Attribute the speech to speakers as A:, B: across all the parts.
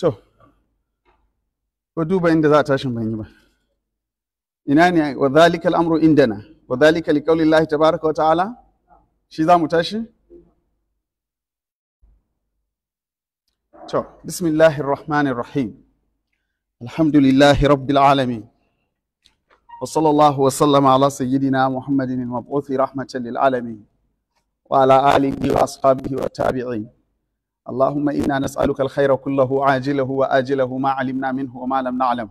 A: to ko duba inda za a tashin ban yi ba ina ne wa zalika al'amru indana wa zalika liqauli Allah wa ta'ala shi za mu tashi to bismillahir rahmanir rahim alhamdulillahi rabbil alamin وصلى ala sayyidina muhammadin سيدنا rahmatan المبعوث رحمة للعالمين wa آله wa والتابعين اللهم إنا نسألك الخير كله عاجله وآجله ما علمنا منه وما لم نعلم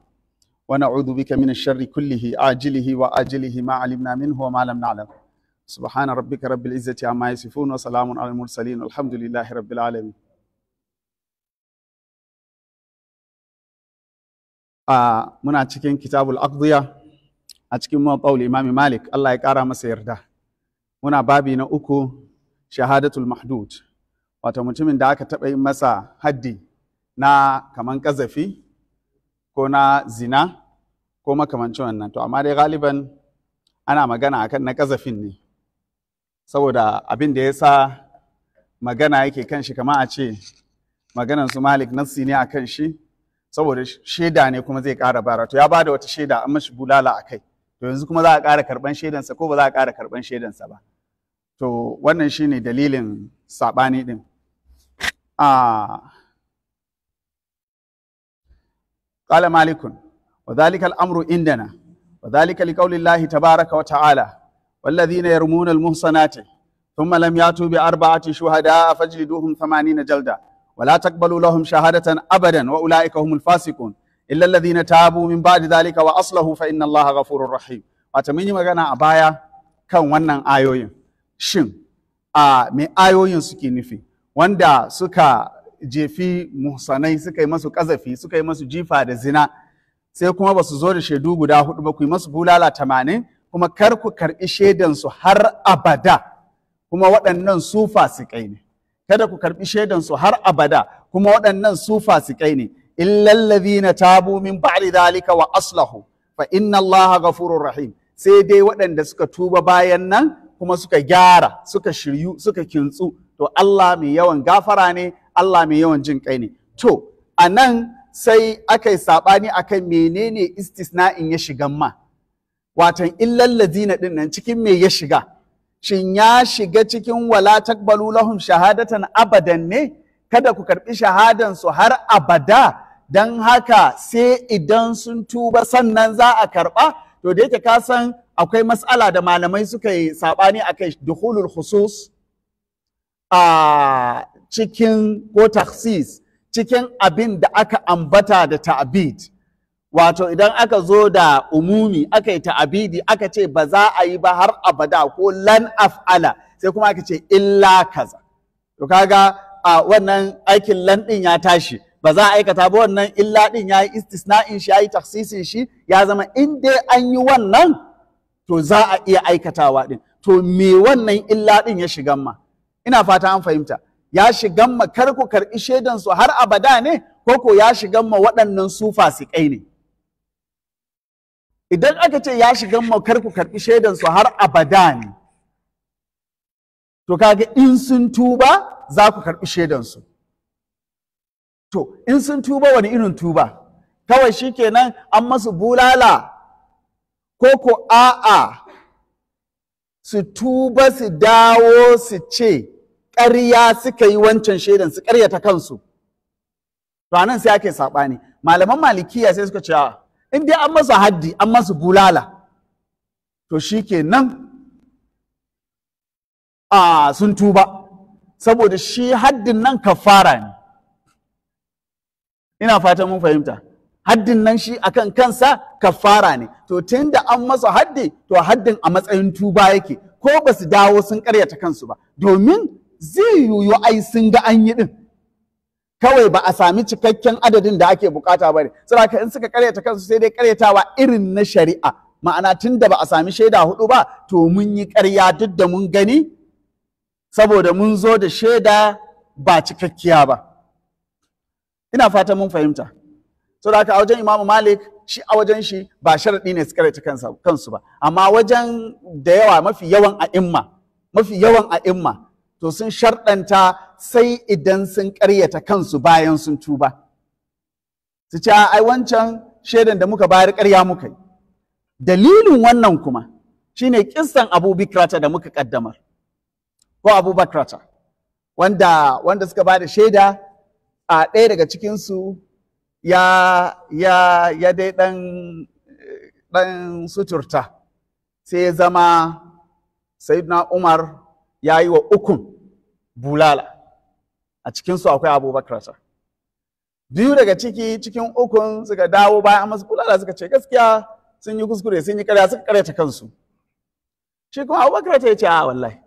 A: ونعوذ بك من الشر كله عاجله وآجله ما علمنا منه وما لم نعلم سبحان ربك رب العزة عما يصفون وسلام على المرسلين والحمد لله رب العالمين a muna cikin kitabul aqdiya a cikin mawqaul imam malik Allah ya kara masa yarda muna babi na uku shahadatul mahdud Wata mutumin da aka taɓa yi masa haddi na kaman ƙazafi ko na zina ko makamancin wannan to amma dai galiban ana magana akan na ƙazafin ne saboda abin da ya sa magana yake kan shi kama a ce maganan su malik nassi ne akan shi saboda shaida ne kuma zai ƙara bara to ya ba da wata shaida an mashi bulala a kai to yanzu kuma za a ƙara karɓan shaidansa ko ba za a ƙara karɓan shaidansa ba to wannan shine dalilin saɓani ɗin آه قال مالك وذلك الأمر عندنا وذلك لقول الله تبارك وتعالى والذين يرمون المحصنات ثم لم ياتوا بأربعة شهداء فاجلدوهم ثمانين جلدة ولا تقبلوا لهم شهادة أبدا وأولئك هم الفاسقون إلا الذين تابوا من بعد ذلك وأصله فإن الله غفور رحيم وتمني مغانا أبايا كان ونن آيوين شن آه من آيوين سكي نفي wanda suka jefi musanai, suka yi masu kazafi suka yi masu jifa da zina sai kuma ba su zo da shaidu guda hudu ba ku yi masu bulala tamanin kuma kar ku karɓi shaidansu har abada kuma waɗannan su fasikai ne kada ku karɓi shaidansu har abada kuma waɗannan su fasikai ne lallabi na tabu min ba'di zalika wa aslahu fa inna allaha ghafurur rahim sai dai waɗanda suka tuba bayan nan kuma suka gyara suka shiryu suka kintsu to Allah mai yawan gafara ne Allah mai yawan jin ne to a nan sai aka yi saɓani kan menene istisna'in ya shiga ma watan illal ladina din nan cikin mai ya shiga shin ya shiga cikin wala takbalu lahum shahadatan abadan ne kada ku karɓi shahadan su har abada don haka sai idan sun tuba sannan za a karɓa? to da yake ka san akwai matsala da malamai suka yi saɓani akai duhulul husus a cikin ko taksis cikin abin da aka ambata da ta'abid wato idan aka zo da umumi aka yi ta'abidi aka ce ba za a yi ba har abada ko lan af'ala sai kuma aka ce illa kaza to kaga a wannan aikin lan din ya tashi ba za a aikata ba wannan illa din ya yi istisna'in shi ya yi taksisin shi ya zama in dai an yi wannan to za a iya aikatawa din to me wannan illa din ya shiga ma ina fata an fahimta ya shigan ma kar ku karɓi shaidan su har abada ne ko ko ya shigan ma waɗannan su fasikai ne idan aka ce ya shigan ma kar ku karɓi shaidan su har abada ne to kaga in sun tuba za ku karɓi shaidan su to in sun tuba wani irin tuba kawai shikenan an masu bulala ko a'a su tuba su dawo su ce ƙarya suka yi wancan shaidan su ta kansu to nan sai ake saɓani malaman malikiya sai suka ce in dai an masu haddi an masu bulala to shi ke nan a sun tuba saboda shi haddin nan kafara ne ina fatan mun fahimta haddin nan shi akan kansa kafara ne to tunda an masa haddi to haddin a matsayin tuba yake ko ba su dawo sun karyata kansu ba domin zai yiwu ai sun ga an yi din kawai ba a sami cikakken adadin da ake bukata ba ne saboda in suka karyata kansu sai dai karyatawa irin na shari'a ma'ana tun da ba a sami shaida hudu ba to mun yi karya duk da mun gani saboda mun zo da shaida ba cikakkiya ba ina fata mun fahimta so da a wajen Imam Malik shi a wajen shi ba sharaɗi ne su karaita kansu ba amma wajen da yawa mafi yawan a'imma mafi yawan a'imma to sun sharɗanta sai idan sun karyata kansu bayan sun tuba su ce ai wancan shaidan da muka bayar karya muka yi dalilin wannan kuma shine kissan Abu Bikrata da muka kaddamar ko Abu Bakrata wanda wanda suka da shaida a ɗaya daga cikinsu ya ya ya dai dan dan suturta sai ya zama sayyidina Umar ya yi wa ukun bulala a cikinsu akwai abubakar sa biyu daga ciki cikin ukun suka dawo bayan masu bulala suka ce gaskiya sun yi kuskure sun yi karya suka karyata kansu shi kuma abubakar ta ce a ah, wallahi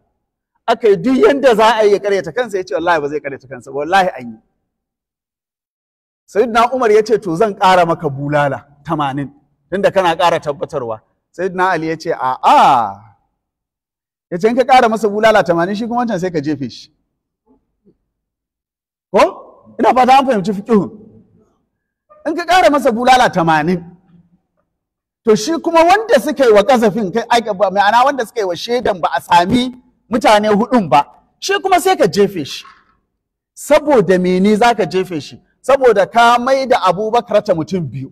A: aka yi duk yanda za a yi ya karyata kansa ya ce wallahi ba zai karyata kansa wallahi an yi Sai umar ya ce to zan ƙara maka bulala tamanin tunda kana ƙara tabbatarwa Sai ali ya ce a a ya ce in ka ƙara masa bulala tamanin shi kuma wancan sai ka jefe shi ko ina fata an fahimci fiqhun in ka ƙara masa bulala tamanin to shi kuma wanda suka yi wa kasafin kai ma'ana wanda suka yi wa shaidan ba a sami mutane hudun ba shi kuma sai ka jefe shi saboda mene za ka jefe shi saboda ka mai da abubakar ta mutum biyu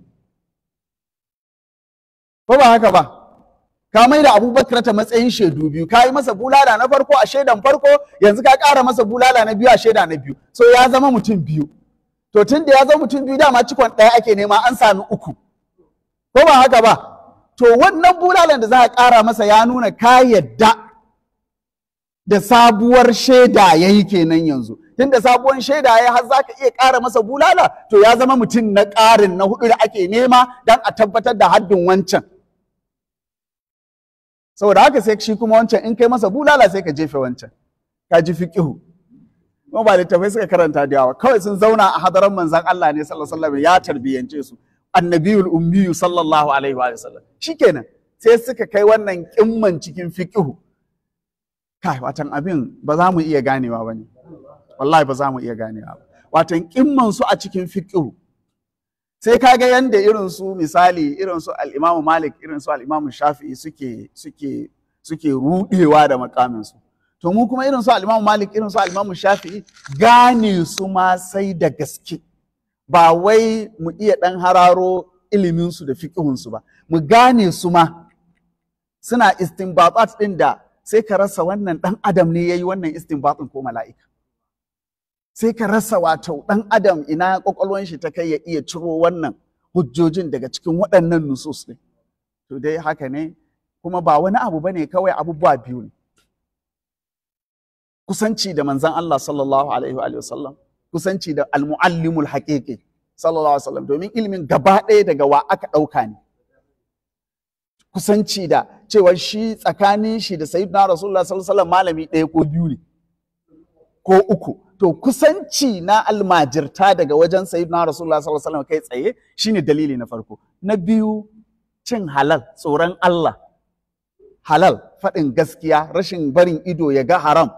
A: ko ba haka ba ka mai da abubakar ta matsayin shaidu biyu ka yi masa bulala na farko a shaidan farko yanzu ka ƙara masa bulala na biyu a shaida na biyu so ya zama mutum biyu to tun da ya zama mutum biyu dama cikon ɗaya ake nema an sami uku ko ba haka ba to wannan bulalan da za a ƙara masa ya nuna ka yadda da sabuwar shaida ya yi kenan yanzu tunda sabuwar shaida ya har zaka iya ƙara masa bulala to ya zama mutum na ƙarin na hudu da ake nema don a tabbatar da haddin wancan saboda haka sai shi kuma wancan in kai masa bulala sai ka jefe wancan ka ji fiqihu kuma ba littafai suka karanta da yawa kawai sun zauna a hadaran manzon Allah ne sallallahu alaihi wasallam ya tarbiyance su annabiyul ummiyu sallallahu alaihi wa sallam. shikenan sai suka kai wannan kimman cikin fiqihu kai watan abin ba za mu iya ganewa ba ne wallahi ba za mu iya ganewa ba watan kimman su a cikin fiqh sai ka ga yanda irin su misali irin su al-Imam Malik irin su al-Imam Shafi'i suke suke suke rudewa da makamin su to mu kuma irin su al-Imam Malik irin su al-Imam Shafi'i gane su ma sai da gaske ba wai mu iya dan hararo ilimin su da fiqhun su ba mu gane su ma suna istinbabat din da sai ka rasa wannan ɗan adam ne ya yi wannan istinbatin ko mala'ika sai ka rasa wata ɗan adam ina ƙwaƙwalwan shi ta kai ya iya ciro wannan hujjojin daga cikin waɗannan nusus ne to dai haka ne kuma ba wani abu ba ne kawai abubuwa biyu ne kusanci da manzan Allah sallallahu alaihi wa sallam kusanci da almuallimul haƙiƙi sallallahu alaihi wa sallam domin ilimin gaba ɗaya daga wa aka ɗauka ne kusanci da cewa shi tsakanin shi da sayyidina rasulullah sallallahu alaihi malami ɗaya ko biyu ne ko uku to kusanci na almajirta daga wajen sayyidina rasulullah sallallahu alaihi kai tsaye shine dalili na farko na biyu cin halal tsoron Allah halal faɗin gaskiya rashin barin ido ya ga haram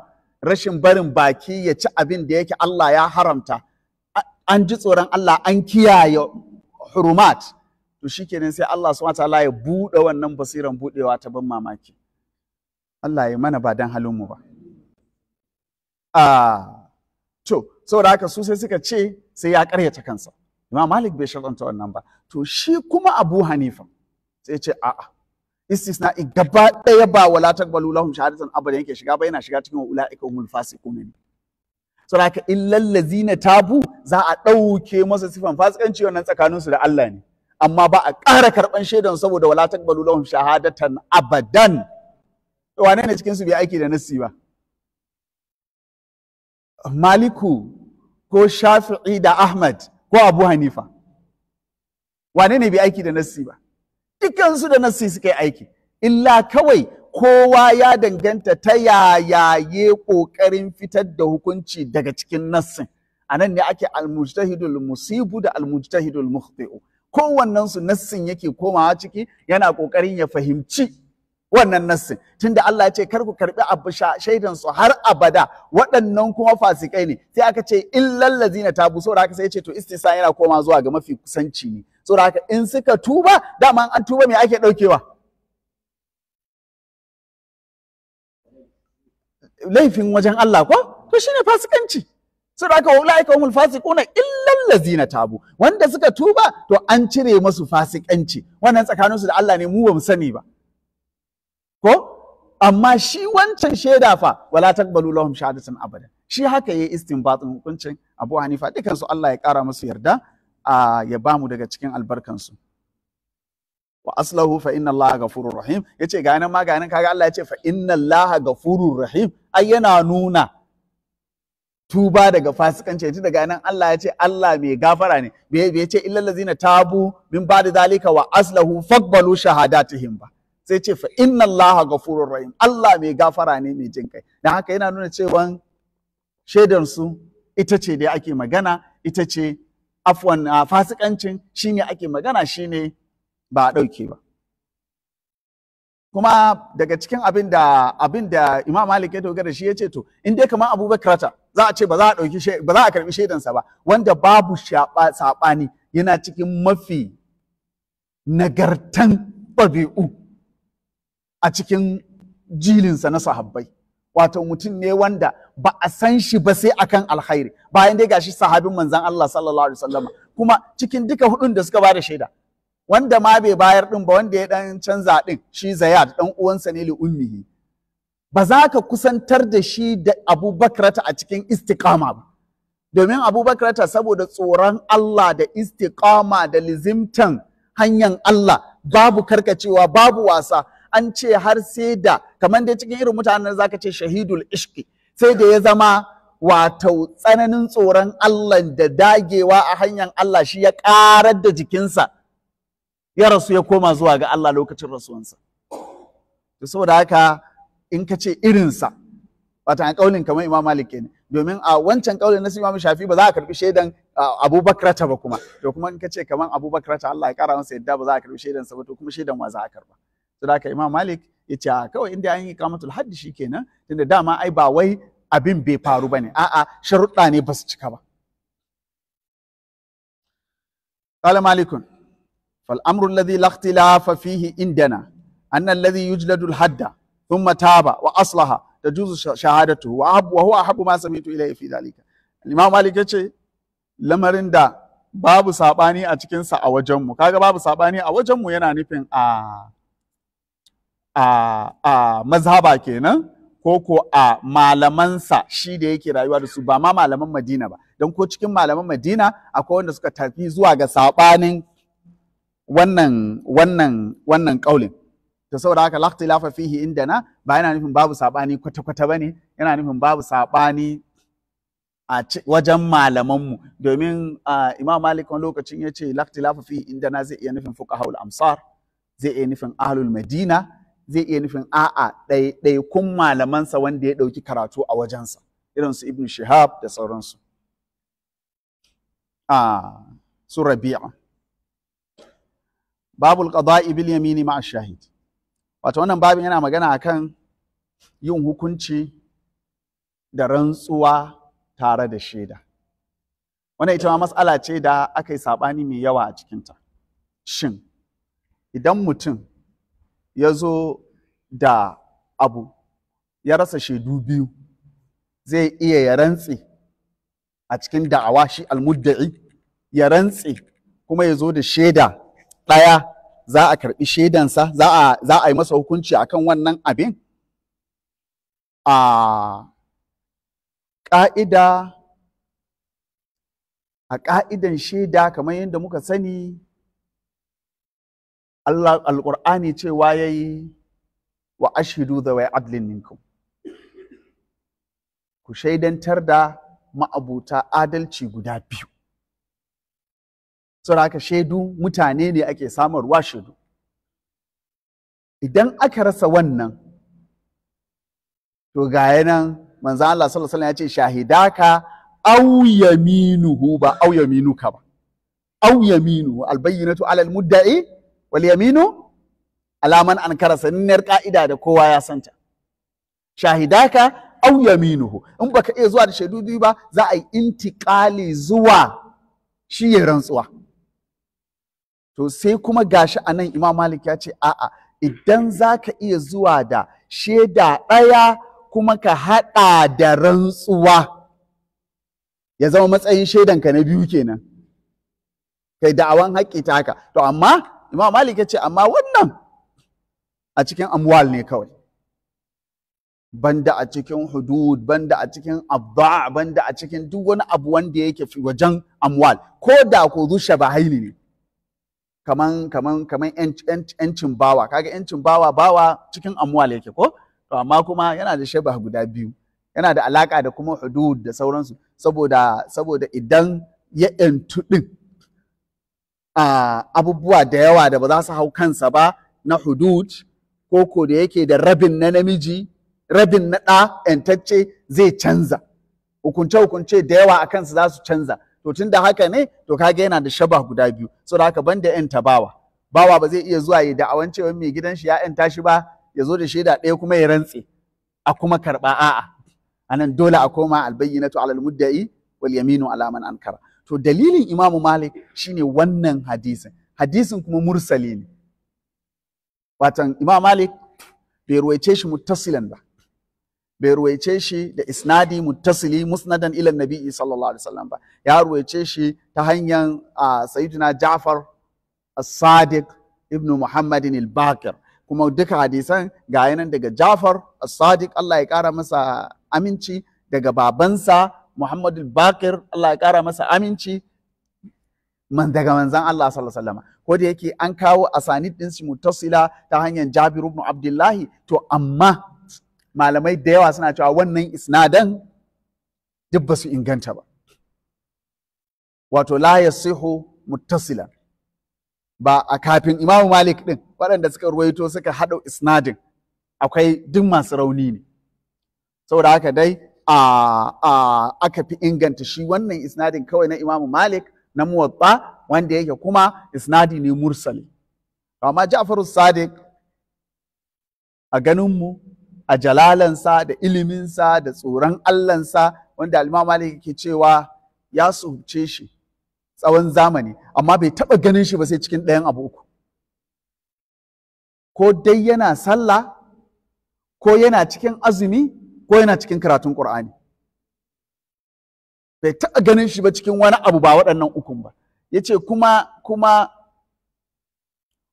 A: rashin barin baki ya ci abin da yake Allah ya haramta an ji tsoron Allah an kiyaye hurumat to shikenan sai Allah subhanahu wataala ya buɗe wannan basiran buɗewa ta ban mamaki Allah ya mana ba dan halin mu ba ah to saboda haka su suka ce sai ya karyata kansa Imam Malik bai shaɗanta wannan ba to shi kuma Abu Hanifa sai ce a'a istisna gaba ɗaya ba wala taqbalu lahum shahadatan abada yake shiga ba yana shiga cikin ulaika humul fasiqun saboda haka illal ladzina tabu za a ɗauke masa sifan fasikanci wannan tsakaninsu da Allah ne amma ba a ƙara karɓan shaidan saboda wala taqbalu lahum shahadatan abadan to wane ne cikin su bai aiki da nassi ba Maliku ko Shafi'i da Ahmad ko Abu Hanifa wane ne bai aiki da nassi ba dukansu da nassi suka yi aiki illa kawai kowa ya danganta ta yayaye ƙoƙarin fitar da hukunci daga cikin nassin a nan ne ake almujtahidul musibu da almujtahidul mukhti'u kowannensu su nassin yake komawa ciki yana kokarin ya fahimci wannan nassin tunda Allah ya ce kar ku karɓi abu shaidan su har abada waɗannan kuma fasikai ne sai aka ce illal zina tabu saboda haka sai ya ce to istisa yana koma zuwa ga mafi kusanci ne saboda haka in suka tuba dama an tuba me ake ɗaukewa. laifin wajen Allah ko to shine fasikanci wula haka ulaika humul fasiquna illal na tabu wanda suka tuba to an cire masu fasikanci wannan tsakaninsu da Allah ne mu ba sani ba ko amma shi wancan shaida fa wala taqbalu lahum shahadatan abada shi haka yayi istinbatun hukuncin Abu Hanifa dukan su Allah ya kara masu yarda a ya mu daga cikin albarkan su wa aslahu fa inna Allah ghafurur rahim yace ga nan ma ga nan kaga Allah yace fa inna Allah ghafurur rahim ai yana nuna tuba daga fasikanci yanzu daga nan Allah ya ce Allah mai gafara ne bai ce illal ladzina tabu min ba'di zalika wa aslahu shahada, shahadatihim ba sai ce fa inna Allah ghafurur rahim Allah mai gafara ne mai jin kai dan haka yana nuna cewa shaidan su ita ce dai ake magana ita ce afwan fasikancin shine ake magana shine ba a dauke ba kuma daga cikin abin da abin da Imam Malik ya dogara shi ya ce to in dai kamar Abu Bakrata za a ce ba za a dauki ba za a karbi shaidansa ba wanda babu saɓani yana cikin mafi nagartan babi'u a cikin jilinsa na sahabbai wato mutum ne wanda ba a san shi ba sai akan alkhairi bayan dai gashi sahabin manzon Allah sallallahu alaihi wasallama kuma cikin duka hudun da suka bada shaida wanda ma bai bayar ɗin ba wanda ya ɗan canza ɗin shi Zayad dan uwansa ne li ummihi ba za ka kusantar da shi da Abu ta a cikin istiqama ba domin Abu ta saboda tsoron Allah da istiqama da lizimtan hanyar Allah babu karkacewa babu wasa an ce har sai da kamar dai cikin irin mutanen zaka ce shahidul ishki sai da ya zama wato tsananin tsoron Allah da dagewa a hanyar Allah shi ya karar da jikinsa ya rasu ya koma zuwa ga Allah lokacin rasuwansa to saboda haka in ka ce irinsa wata ƙaunin kamar Imam Malik ke ne, domin a wancan ƙaunin na Imam Shafi ba za a karbi shaidan Abu Bakrata ba kuma to kuma in ka ce kamar Abu Bakrata, Allah ya kara masa yadda ba za a karbi shaidan sa ba to kuma shaidan wa za a karba saboda haka Imam Malik ya ce kawai inda an yi kamatul haddi kenan, tunda dama ai ba wai abin bai faru ba ne. a'a sharuɗa ne ba su cika ba قال malikun فالأمر الذي لا اختلاف فيه عندنا أن الذي يجلد الحد ثم تاب وأصلها تجوز شهادته وأحب وهو أحب ما سمعت إليه في ذلك الإمام مالك يقول lamarin da babu saɓani a cikinsa a wajenmu kaga babu saɓani a wajenmu yana nufin a a mazhaba kenan ko ko a malamansa shi da yake rayuwa da su ba ma malaman madina ba don ko cikin malaman madina akwai wanda suka tafi zuwa ga saɓanin wannan wannan wannan kaulin to saboda haka lafa fihi indana ba yana nufin babu sabani kwata kwata ne. yana nufin babu sabani a wajen mu. domin imam malik wani lokacin ya ce lafa fihi indana zai iya nufin fuqahaul amsar zai iya nufin ahlul madina zai iya nufin a'a kun malamansa wanda ya ɗauki karatu a wajensa irin su ibn shihab da sauransu ah su rabi'a babul qada'i bil yamini ma'a shahid wato wannan babin yana magana akan yin hukunci da rantsuwa tare da shaida wannan ita ma mas'ala ce da aka yi sabani mai yawa a cikinta shin idan mutum ya zo da abu ya rasa shaidu biyu zai iya ya rantse a cikin da'awa shi almudda'i ya rantse kuma ya zo da shaida ɗaya za a karɓi shaidansa za a yi masa hukunci akan wannan abin a ƙa'ida a ƙa'idan shaida kamar yadda muka sani Allah alƙur'ani cewa ya yi wa ashidu da wai adlin ku shaidantar da ma'abuta adalci guda biyu saboda shaidu mutane ne ake samarwa shaidu idan aka rasa wannan to ga nan manzo Allah sallallahu alaihi ya ce shahidaka aw ba aw ba aw albayyinatu alal mudda'i wal yaminu alaman an kara sananniyar ka'ida da kowa ya santa shahidaka aw yaminuhu in baka iya zuwa da shaidu biyu ba za a yi intiqali zuwa shi ya rantsuwa to sai kuma gashi a nan imam malik ya ce a'a idan za ka iya zuwa da shaida ɗaya kuma ka haɗa da rantsuwa ya zama matsayin ka na biyu kenan kai da'awan haƙƙi ta haka to amma imam malik ya ce amma wannan a cikin amwal ne kawai banda a cikin hudud banda a cikin abba banda a cikin duk wani abu wanda yake fi wajen amwal ko da ko zu shabahaini ne kaman kaman kaman yancin bawa kaga yancin bawa bawa cikin amwal yake ko to amma kuma yana da shabah guda biyu yana da alaka da kuma hudud da sauransu saboda saboda idan ya yantu din abubuwa da yawa da ba za su hau kansa ba na hudud ko ko da yake da rabin na namiji rabin na da yantacce zai canza hukunce hukunce da yawa a kansa za su canza to tun da haka ne to kaga yana da shaba guda biyu da haka banda ta bawa bawa ba zai iya zuwa ya da'awan cewa mai gidan shi ya yan tashi ba ya zo da shaida ɗaya kuma ya rantse a kuma karba a'a anan dole a koma albayyinatu alal mudda'i wal yaminu ala man ankara to dalilin imamu malik shine wannan hadisin hadisin kuma mursali ne watan imam malik bai ruwaice shi muttasilan ba bai ruwaice shi da isnadi muttasili musnadan ilan nabi sallallahu alaihi wasallam ba ya ruwaice shi ta hanyar sayyidina Ja'far as-Sadiq ibn Muhammadin al-Bakir kuma duka hadisan ga yanan daga Ja'far as-Sadiq Allah ya kara masa aminci daga babansa Muhammad al-Bakir Allah ya kara masa aminci man daga manzan Allah sallallahu alaihi wasallam ko da yake an kawo asanid din su muttasila ta hanyar Jabir ibn Abdullahi to amma malamai da yawa suna cewa wannan isnadan duk ba su inganta ba wato la siho muttasilan ba a kafin imamu malik din waɗanda suka ruwaito suka haɗa isnadin akwai duk masu rauni ne saboda haka dai a aka fi inganta shi wannan isnadin kawai na imamu malik na muwatta wanda yake kuma isnadi ne mursali amma ja'faru sadiq a ganinmu a jalalansa da iliminsa da tsoron Allahnsa wanda Imam ke yake cewa ya suhuce shi tsawon zamani amma bai taba ganin shi ba sai cikin ɗayan abu uku ko dai yana sallah ko yana cikin azumi ko yana cikin karatun ƙur'ani bai taba ganin shi ba cikin wani abu ba waɗannan ukun ba yace kuma kuma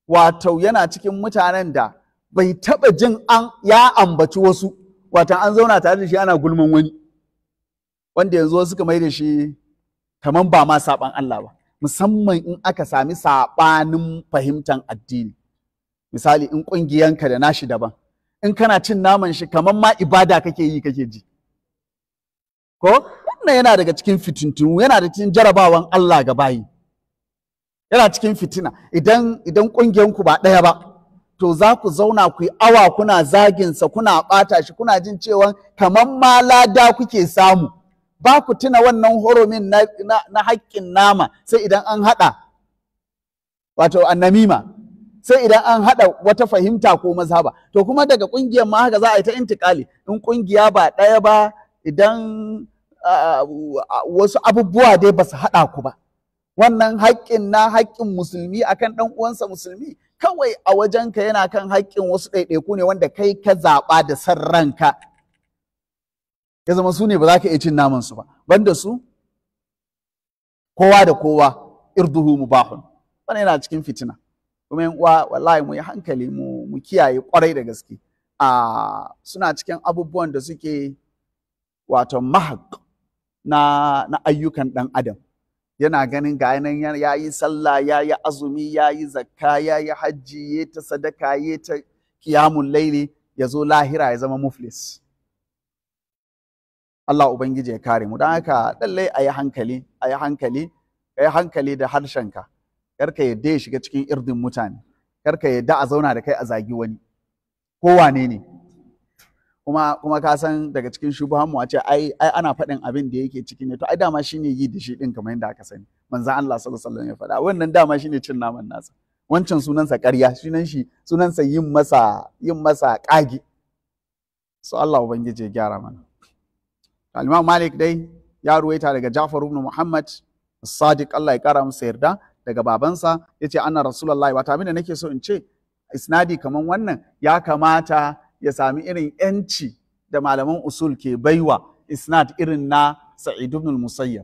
A: wato yana cikin mutanen da bai taɓa jin an ya ambaci wasu watan an zauna tare da shi ana gulman wani wanda yanzu wasu kamar mai da shi kamar ba ma saɓan Allah ba musamman in aka sami saɓanin fahimtar addini misali in ƙungiyanka da nashi daban in kana cin naman shi kamar ma ibada kake yi kake ji ko wannan yana daga cikin fitintunu yana da cikin jarabawan Allah ga bayi yana cikin fitina idan idan ƙungiyanku ba ɗaya ba to za ku zauna ku yi awa kuna zaginsa kuna ɓata shi kuna jin cewa kamar ma lada kuke samu ba ku tuna wannan horomin na, na, na haƙƙin nama sai idan an haɗa wato annamima sai idan an haɗa wata fahimta ko mazhaba to kuma daga ƙungiyar ma haka za a yi ta intikali in ƙungiya ba ɗaya ba idan uh, wasu abubuwa dai ba su haɗa ku ba wannan haƙƙin na haƙƙin musulmi akan ɗan uwansa musulmi kawai a wajenka yana kan haƙƙin wasu ɗaiɗaiku ne wanda kai ka zaɓa da san ranka ya zama su ne ba za ka iya cin naman su ba banda su kowa da kowa irduhu mubahun wannan yana cikin fitina kuma yan uwa wallahi mu yi hankali mu kiyaye kwarai da gaske a suna cikin abubuwan da suke wato mahak na ayyukan ɗan adam yana ganin ga nan ya yi sallah ya yi azumi ya yi zakka ya yi hajji ya ta sadaka ya ta kiyamun laili ya zo lahira ya zama muflis Allah ubangiji ya kare mu don haka lallai a yi hankali a yi hankali a yi hankali da harshenka kar ka yadda ya shiga cikin irdin mutane Karka ka yadda a zauna da kai a zagi wani ko wane ne kuma kuma ka san daga cikin shubuhan mu a ce ai ana faɗin abin da yake cikin ne to ai dama shine yi da shi din kamar yadda aka sani manzo Allah sallallahu alaihi wasallam ya faɗa wannan dama shine cin naman nasa wancan sunansa ƙarya sunan shi sa yin masa yin masa ƙage so Allah ubangiji ya gyara mana al Malik dai ya ruwaita daga Ja'far ibn Muhammad Sadiq Allah ya kara masa yarda daga babansa yace ana Rasulullahi wata abin da nake so in ce isnadi kaman wannan ya kamata ya sami irin yanci da malaman usul ke baiwa isnad irin na Sa'id ibn Musayyab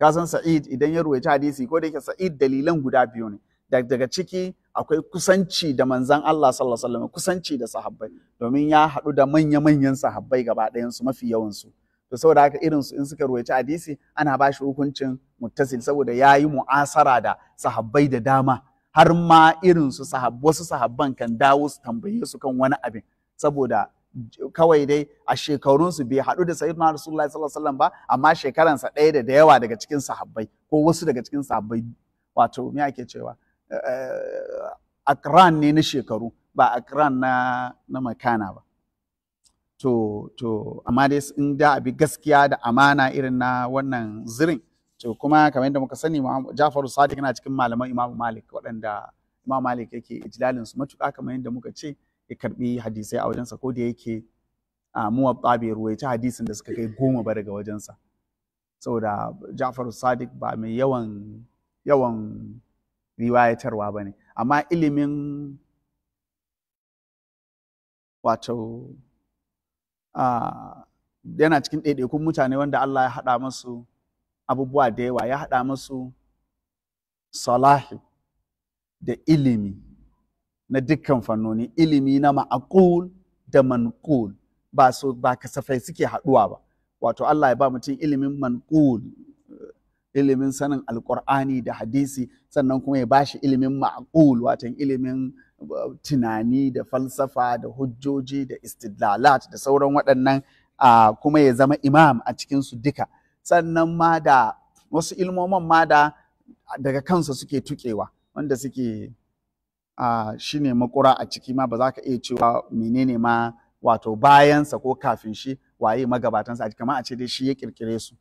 A: ka san Sa'id idan ya ruwaita hadisi ko da yake Sa'id dalilan guda biyu ne daga ciki akwai kusanci da manzan Allah sallallahu alaihi wasallam kusanci da sahabbai domin ya haɗu da manya-manyan sahabbai gaba ɗayan su mafi yawan su to saboda haka irin su in suka ruwaici hadisi ana ba shi hukuncin muttasil saboda ya yi mu'asara da sahabbai da dama har ma irin su wasu sahabban kan dawo su tambaye su kan wani abin saboda kawai dai a shekarunsu bai haɗu da sayyidina rasulullahi sallallahu alaihi wasallam ba amma shekaransa ɗaya da yawa daga cikin sahabbai ko wasu daga cikin sahabbai wato me ake cewa eh, akran ne na shekaru ba akran na na makana ba to to amma dai in da abi gaskiya da amana irin na wannan zirin to kuma kamar yadda muka sani Jafaru Sadiq yana cikin malaman Imam Malik waɗanda Imam Malik yake ijlalin su matuƙa kamar yadda muka ce ya karbi hadisai a wajensa ko da yake a muwatta bai ruwaici hadisin da suka kai goma ba daga wajensa saboda Jafaru Sadiq ba mai yawan yawan riwayatarwa ba ne amma ilimin wato yana cikin ɗaiɗaikun mutane wanda Allah ya haɗa masu abubuwa da yawa ya haɗa musu salahi da ilimi na dukkan fannoni ilimi na ma'aqul da manqul ba su ba kasafai suke haɗuwa ba wato Allah ya ba mutum ilimin manqul ilimin sanin alkur'ani da hadisi sannan kuma ya ba shi ilimin ma'akul wato ilimin uh, tunani da falsafa da hujjoji da istidlalat da sauran waɗannan uh, kuma ya zama imam a cikinsu duka sannan ma da wasu ilmomin ma da daga kansa suke tukewa wanda suke shi ne makura a ciki ma ba za ka iya cewa menene ma wato bayansa ko kafin shi waye magabatansa a kamar a ce dai shi ya kirkire su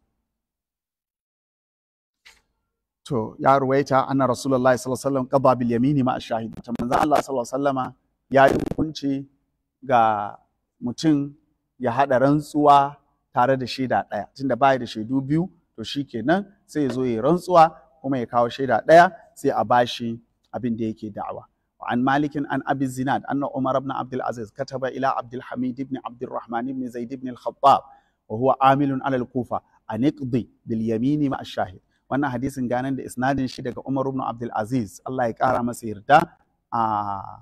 A: to ya ruwaita ana rasulullahi sallallahu alaihi wasallam bil yamini ma manzo sallallahu ya yi hukunci ga mutum ya haɗa rantsuwa tare da shaida ɗaya tunda baya da shaidu biyu to shikenan sai ya zo ya yi rantsuwa kuma ya kawo shaida ɗaya sai a bashi abinda da yake da'awa an malikin an Abizina, zinad anna umar ibn abdul aziz kataba ila abdul hamid ibn abdul rahman ibn zaid amilun ala kufa an iqdi bil shahid wannan hadisin ganan da isnadin shi daga umar ibn abdul Allah ya kara masa yarda a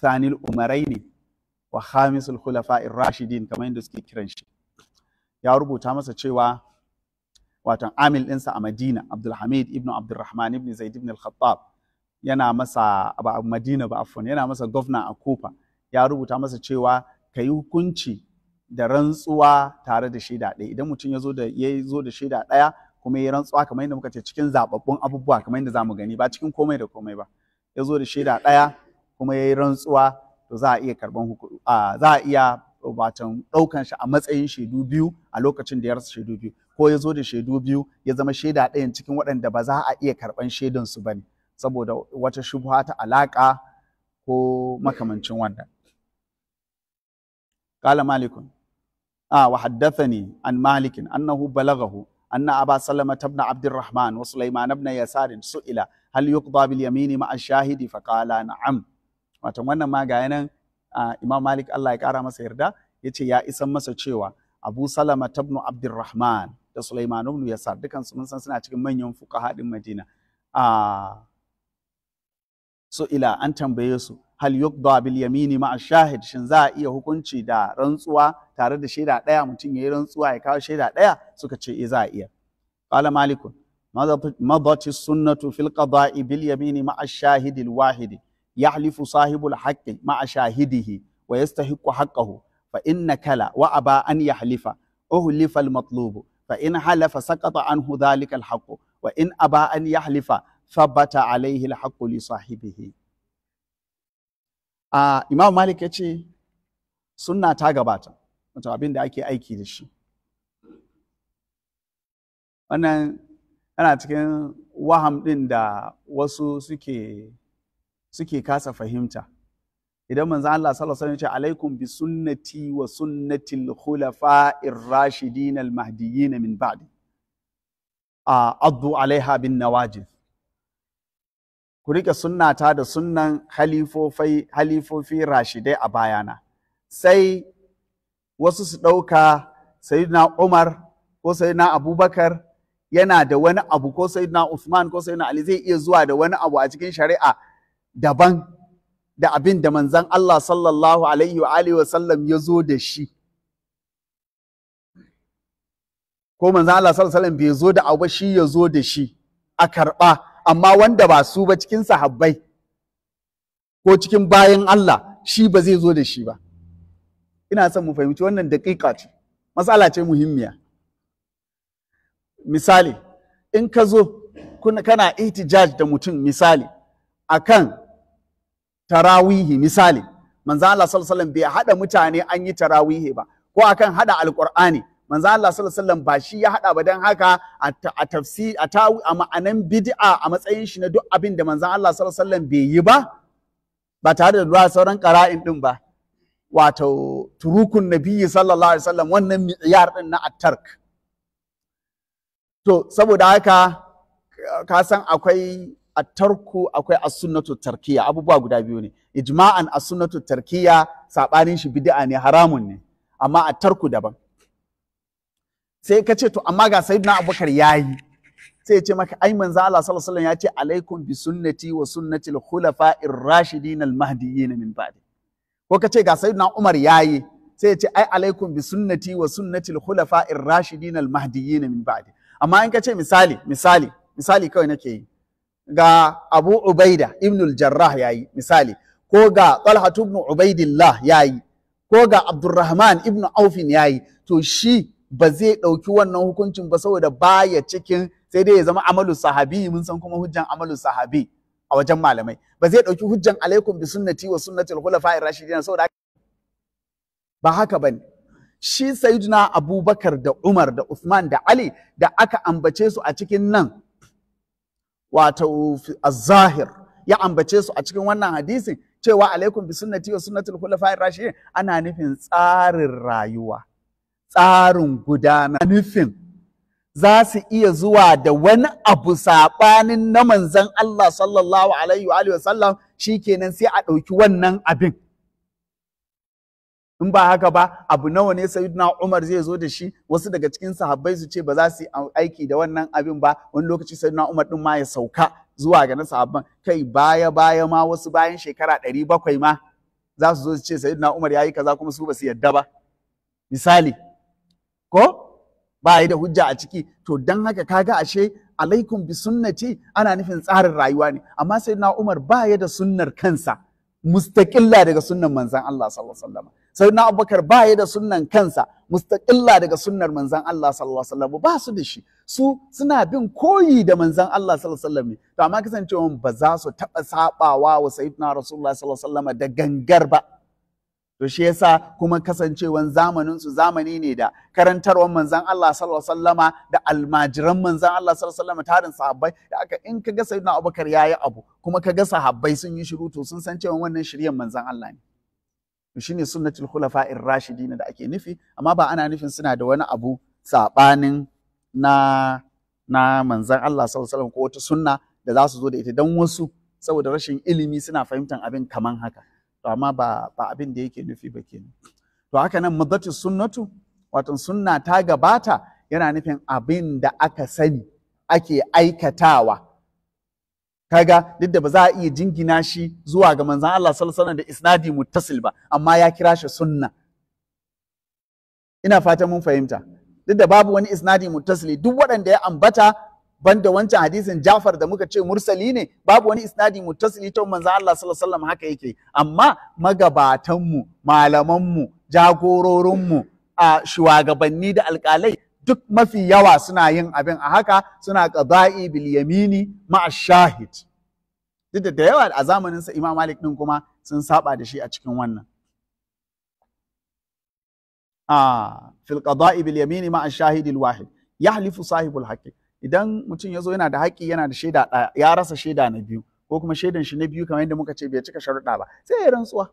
A: thanil umaraini wa khamisul khulafa'ir rashidin kamar yadda suke kiran shi ya rubuta masa cewa watan amil ɗinsa a Madina Abdulhamid ibn Abdulrahman ibn Zaid ibn al-Khattab yana masa ba a Madina ba afon yana masa gwamna a kofa. ya rubuta masa cewa ka yi hukunci da rantsuwa tare da shaida ɗaya idan mutum ya zo da shaida ɗaya kuma ya rantsuwa kamar yadda muka ce cikin zababbun abubuwa kamar yadda zamu gani ba cikin komai da komai ba ya zo da shaida ɗaya kuma ya yi rantsuwa to za a iya karban za a iya watan ɗaukan shi a matsayin shaidu biyu a lokacin da ya rasa shaidu biyu ko ya zo da shaidu biyu ya zama shaida ɗayan cikin waɗanda ba za a iya karɓan shaidan su bane saboda wata shubha ta alaƙa ko makamancin wannan قال مالك آه وحدثني عن مالك أنه بلغه أن أبا سلمة بن عبد الرحمن وسليمان بن يسار سئل هل يقضى باليمين مع الشاهد فقال نعم wato wannan ma ga Imam Malik Allah ya kara masa yarda ya ce ya isan masa cewa Abu Salama tabnu Abdurrahman da Sulaiman ibn Yasar dukansu mun san suna cikin manyan fuqaha din Madina. so ila an tambaye su hal yuqda bil yamini ma shahid shin za a iya hukunci da rantsuwa tare da shaida daya mutum yayi rantsuwa ya kawo shaida daya suka ce e za a iya qala malikun madat sunnatu fil qada'i bil yamini ma shahid yahlifu sahibul haqqi ma'a shahidihi wa yastahiqqu haqqahu fa inna kala wa aba an yahlifa uhlifa al matlubu fa in halafa saqata anhu dhalika al haqqu wa in aba an yahlifa thabata alaihi al haqqu li sahibihi uh, imam malik yace sunna ta gabata wato abin da ake aiki da shi wannan yana cikin waham ɗin da wasu suke suke kasa fahimta idan manzo Allah sallallahu alaihi wasallam ya ce alaikum bi sunnati wa sunnatil khulafa'ir rashidin al mahdiyyin min ba'di addu alaiha bin nawajib ku rike sunnata da sunnan halifofai halifofi rashidai a bayana sai wasu su ɗauka sayyidina Umar ko sayyidina Abubakar yana da wani abu ko sayyidina Usman ko sayyidina Ali zai iya zuwa da wani abu a cikin shari'a daban da abin da manzan Allah sallallahu alaihi wa alihi wasallam ya zo da shi ko manzan Allah sallallahu alaihi wasallam bai zo da abu shi ya zo da shi a karɓa amma wanda ba su ba cikin sahabbai ko cikin bayan Allah shi ba zai zo da shi ba ina son mu fahimci wannan daƙiƙa ce matsala ce muhimmiya misali in ka zo kana ihtijaj da mutum misali akan tarawihi misali manzo Allah sallallahu alaihi wasallam bai hada mutane an yi tarawihi ba ko akan hada alqur'ani manzo Allah sallallahu alaihi wasallam ba shi ya hada ba dan haka a tafsir a tawi a ma'anan bid'a a matsayin shi na duk abin da manzo Allah sallallahu alaihi wasallam bai yi ba ba tare da sauran qara'in din ba wato turukun nabiyyi sallallahu alaihi wasallam wannan miyar din na at-tark to saboda haka ka san akwai at-tarku akwai as-sunnatu tarkiya abubuwa guda biyu ne ijma'an as-sunnatu tarkiya sabanin shi bid'a ne haramun ne amma at-tarku daban sai ka ce to amma ga sayyidina Abubakar yayi sai ya ce maka ai manzo Allah sallallahu alaihi wasallam ya ce alaikum bi sunnati wa sunnati al-khulafa'ir rashidin al-mahdiyyin min ba'di ko ka ce ga sayyidina Umar yayi sai ya ce ai alaikum bi sunnati wa sunnati al-khulafa'ir rashidin al-mahdiyyin min ba'di amma in ka ce misali misali misali kawai nake yi ga Abu Ubaida ibnul Jarrah yayi misali ko ga Talha ibn Ubaidillah yayi ko ga Abdurrahman ibn Aufin yayi to shi ba zai ɗauki wannan hukuncin ba saboda baya cikin sai dai ya zama amalu sahabi mun san kuma hujjan amalu sahabi a wajen malamai ba zai ɗauki hujjan alaikum bi sunnati wa sunnatil khulafa'ir rashidin saboda ba haka bane shi sayyidina abubakar da umar da usman da ali da aka ambace su a cikin nan wato azahir zahir ya ambace su a cikin wannan hadisin cewa alaikum bi sunnati wa sunnatul khulafa'ir rashidin ana nufin tsarin rayuwa tsarin gudana nufin za su iya zuwa da wani abu saɓanin na manzan Allah sallallahu alaihi wa sallam shikenan sai a ɗauki wannan abin in ba haka ba abu nawa ne sayyidina Umar zai zo da shi wasu daga cikin sahabbai su ce ba za su yi aiki da wannan abin ba wani lokaci sayyidina Umar din ma ya sauka zuwa ga na sahabban kai baya baya ma wasu bayan shekara 700 ma za su zo su ce sayyidina Umar ya yi kaza kuma su ba su yadda ba misali ko ba yi da hujja a ciki to dan haka kaga ashe alaikum bi sunnati ana nufin tsarin rayuwa ne amma sayyidina Umar ba ya da sunnar kansa mustaqilla daga sunnan manzon Allah sallallahu alaihi wasallam na abubakar ba ya da sunnan kansa mustaqilla daga sunnar Manzan Allah sallallahu alaihi wasallam ba su da shi su suna bin koyi da Manzan Allah sallallahu alaihi wasallam ne to amma kasancewa ba za su taba sabawa wa sayyidina rasulullah sallallahu alaihi wasallam da gangar ba to shi yasa kuma kasancewan zamanin su zamani ne da karantarwar Manzan Allah sallallahu alaihi wasallam da almajiran Manzan Allah sallallahu alaihi wasallam tarin sahabbai da aka in kaga sayyidina abubakar yayi abu kuma kaga sahabbai sun yi shiru to sun san cewa wannan shiryan Manzan Allah ne to shine sunnatul khulafa'ir rashidin da ake nufi amma ba ana nufin suna da wani abu saɓanin na na manzon Allah sallallahu alaihi ko wata sunna da za su zo da ita dan wasu saboda rashin ilimi suna fahimtar abin kaman haka to amma ba ba abin da yake nufi ba kenan to haka nan muddatu sunnatu wato sunna ta gabata yana nufin abin da aka sani ake aikatawa kaga duk da ba za a iya jingina shi zuwa ga manzan Allah sallallahu da isnadi muttasil ba amma ya kira shi sunna ina fatan mun fahimta duk da babu wani isnadi muttasili duk waɗanda ya ambata banda wancan hadisin Ja'far da muka ce mursali ne babu wani isnadi muttasili to manzan Allah sallallahu haka yake amma magabatan mu magabatanmu malamanmu jagororinmu a shugabanni da alƙalai duk mafi yawa suna yin abin a haka suna qada'i bil yamini ma'a shahid duk da yawa a zamanin sa Imam Malik ɗin kuma sun saba da shi a cikin wannan a fil qada'i bil yamini ma'a shahid al wahid yahlifu sahibul haqqi idan mutum ya zo yana da haƙi yana da shaida ya rasa shaida na biyu ko kuma shaidan shi na biyu kamar yadda muka ce bai cika sharuɗa ba sai ya rantsuwa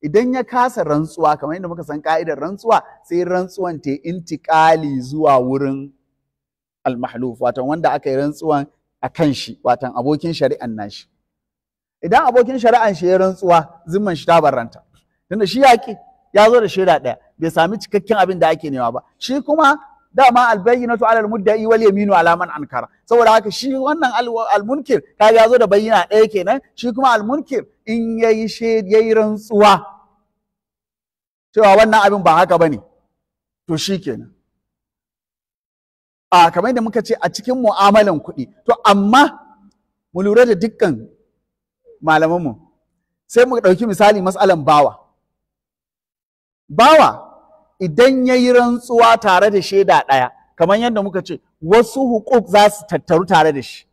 A: idan ya kasa rantsuwa kamar yadda muka san ka'idar rantsuwa sai rantsuwan ta intikali zuwa wurin almahluf watan wanda aka yi rantsuwan a kan shi watan abokin shari'an nashi idan abokin shari'an shi ya rantsuwa zimman shi ta barranta tunda shi yaƙi ya zo da shaida ɗaya bai sami cikakken abin da ake nema ba shi kuma dama albayyinatu alal mudda'i wal yaminu ala man ankara saboda haka shi wannan almunkir kaga ya zo da bayyana ɗaya kenan shi kuma almunkir in ya yi rantsuwa cewa wannan abin ba haka ba ne to shi kenan a kamar yadda muka ce a cikin mu'amalan kuɗi to amma mu lura da dukkan malamanmu sai mu ɗauki misali matsalan bawa bawa idan ya yi rantsuwa tare da shaida ɗaya kamar yadda muka ce wasu hukuk za su tattaru tare da shi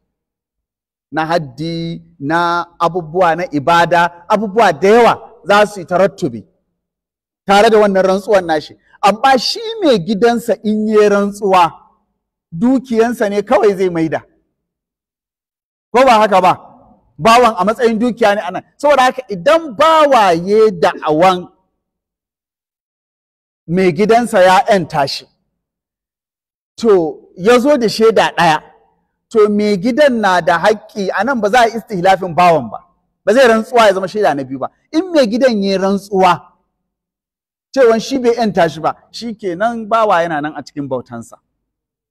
A: na haddi na abubuwa na ibada abubuwa da yawa za su yi tarattubi tare da wannan rantsuwan nashi amma shi mai gidansa in yi rantsuwa dukiyansa ne kawai zai maida ko ba haka ba bawan a matsayin dukiya ne anan saboda haka idan bawaye da'awan mai gidansa ya 'yan shi to ya zo da shaida ɗaya to mai gidan na da haƙƙi a nan ba za a istihlafin bawan ba ba zai rantsuwa ya zama shaida na biyu ba in mai gidan ya rantsuwa cewan shi bai yanta shi ba shi kenan bawa yana nan a cikin bautansa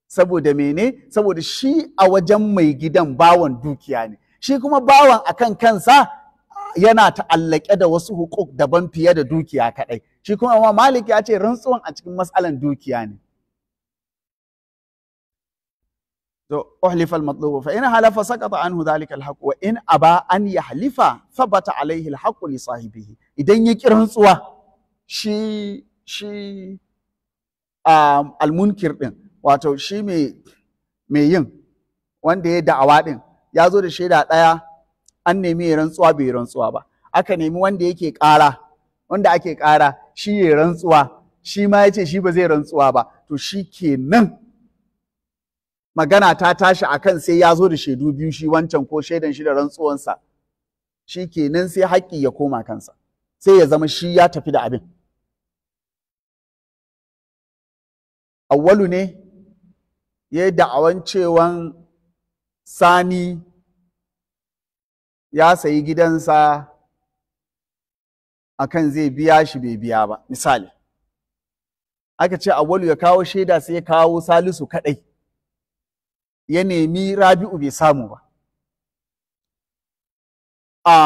A: saboda mene saboda shi a wajen mai gidan bawan dukiya ne shi kuma bawan akan kansa yana ta'allake da wasu hukuk daban fiye da dukiya kaɗai shi kuma ma malik ya ce rantsuwan a cikin matsalan dukiya ne to uhlif matlubu fa in halafa sakata anhu dhalika al haqq wa in aba an yahlifa thabata alayhi alaihi haqq li sahibihi idan ya ki rantsuwa shi shi um, al din wato shi me me yin wanda ya da'awa din ya zo da shaida daya an nemi rantsuwa bai rantsuwa ba aka nemi wanda yake kara wanda ake kara shi ya rantsuwa shi ma yace shi ba zai rantsuwa ba to shi kenan magana ta tashi akan sai ya zo da shaidu biyu shi wancan ko shaidan shi da rantsuwansa shi kenan sai haƙƙi ya koma kansa sai ya zama shi ya tafi da abin awwalu ne ya yi da'awan cewan sani ya sayi gidansa akan zai biya shi bai biya ba misali aka ce awwalu ya kawo shaida sai ya kawo salisu kaɗai ya nemi rabi'u bai samu ba a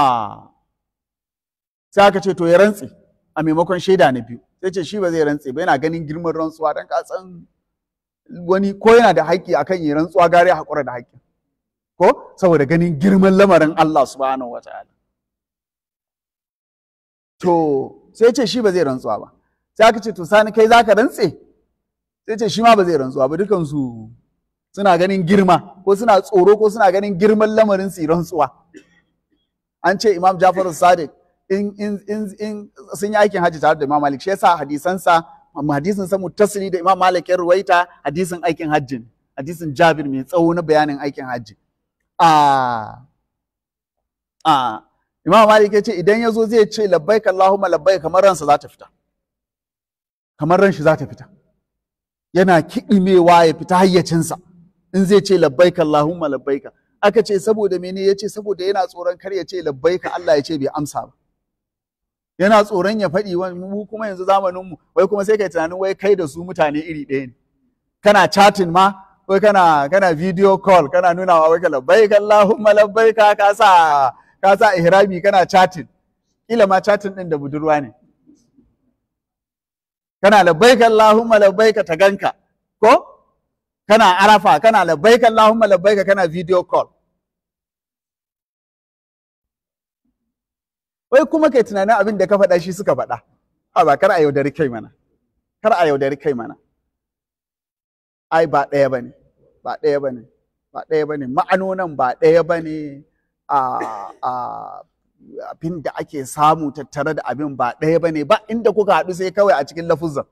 A: sai aka ce to ya rantse a maimakon shaida na biyu sai ce shi ba zai rantse ba yana ganin girman rantsuwa don ka san wani ko yana da haƙƙi kan yi rantsuwa gare haƙura da haƙƙi ko saboda ganin girman lamarin Allah subhanahu wa ta'ala to sai ce shi ba zai rantsuwa ba sai aka ce to sani kai zaka rantse sai ce shi ma ba zai rantsuwa ba dukansu. su suna ganin girma ko suna tsoro ko suna ganin girman lamarin tsiron tsuwa an ce imam jafar sadiq in in in, in sun yi aikin hajji tare da imam malik shi yasa hadisansa hadisin sa muttasili da imam malik ya ruwaita hadisin aikin hajji hadisin jabir mai tsawo na bayanin aikin hajji a a imam malik ya ce idan ya zo zai ce labbaik allahumma labbaik kamar ransa za ta fita kamar ran shi za ta fita yana kiɗimewa ya fita hayyacinsa in zai ce labbaika Allahumma labbaika aka ce saboda mene yace saboda yana tsoron kar ya ce labbaika Allah ya ce bai amsa ba yana tsoron ya faɗi mu kuma yanzu zamanin mu wai kuma sai kai tunanin wai kai da su mutane iri ɗaya ne kana chatting ma wai kana kana video call kana nuna wa wai labbaika Allahumma labbaika ka sa ka sa ihrami kana chatting kila ma chatting din da budurwa ne kana labbaika Allahumma labbaika ta ganka ko kana arafa kana labbaik Allahumma labbaik kana video call wai kuma kai tunanin abin da ka faɗa shi suka faɗa a ba kar a yaudari kai mana kar a yaudari kai mana ai ba ɗaya ba ne ba ɗaya ba ne ba ɗaya ba ne ma'anonan ba ɗaya ba ne a abin da ake samu tattare da abin ba ɗaya ba ne ba inda kuka haɗu sai kawai a cikin lafuzan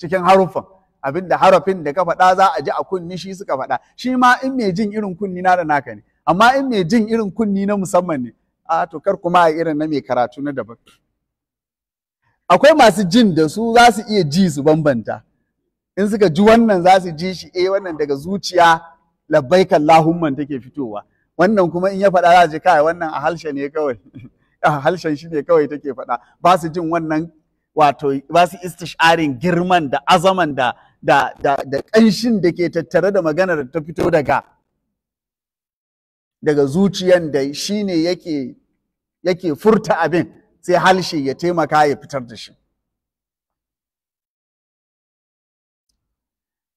A: cikin haruffan Abin da harafin da ka faɗa za a ji a kunni shi suka faɗa shi ma in mai jin irin kunni na da naka ne amma in mai jin irin kunni na musamman ne a to kar kuma a irin na mai karatu na daban akwai masu jin da su za su iya ji su bambanta in suka ji wannan za su ji shi eh wannan daga zuciya labbaikan lahumman take fitowa wannan kuma in ya faɗa za ji kai wannan a halshe ne kawai a halshen shi ne kawai take faɗa ba su jin wannan wato ba su istisharin girman da azaman da da da ƙanshin da ke tattare da maganar ta fito daga daga zuciyan da shi ne yake yake furta abin sai halshe ya taimaka ya fitar da shi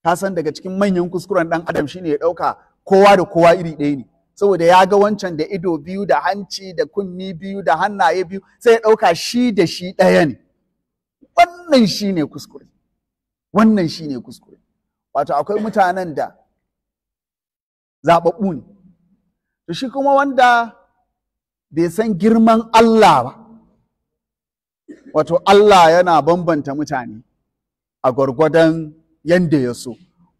A: ka san daga cikin manyan kuskuren ɗan adam shine ya ɗauka kowa da kowa iri ɗaya ne saboda ya ga wancan da ido biyu da hanci da kunni biyu da hannaye biyu sai ya ɗauka shi da shi ɗaya ne wannan shi ne kuskure wannan shi ne kuskure wato akwai mutanen da zaɓaɓɓu ne to shi kuma wanda bai san girman Allah ba wato Allah yana bambanta mutane a gwargwadon yanda ya so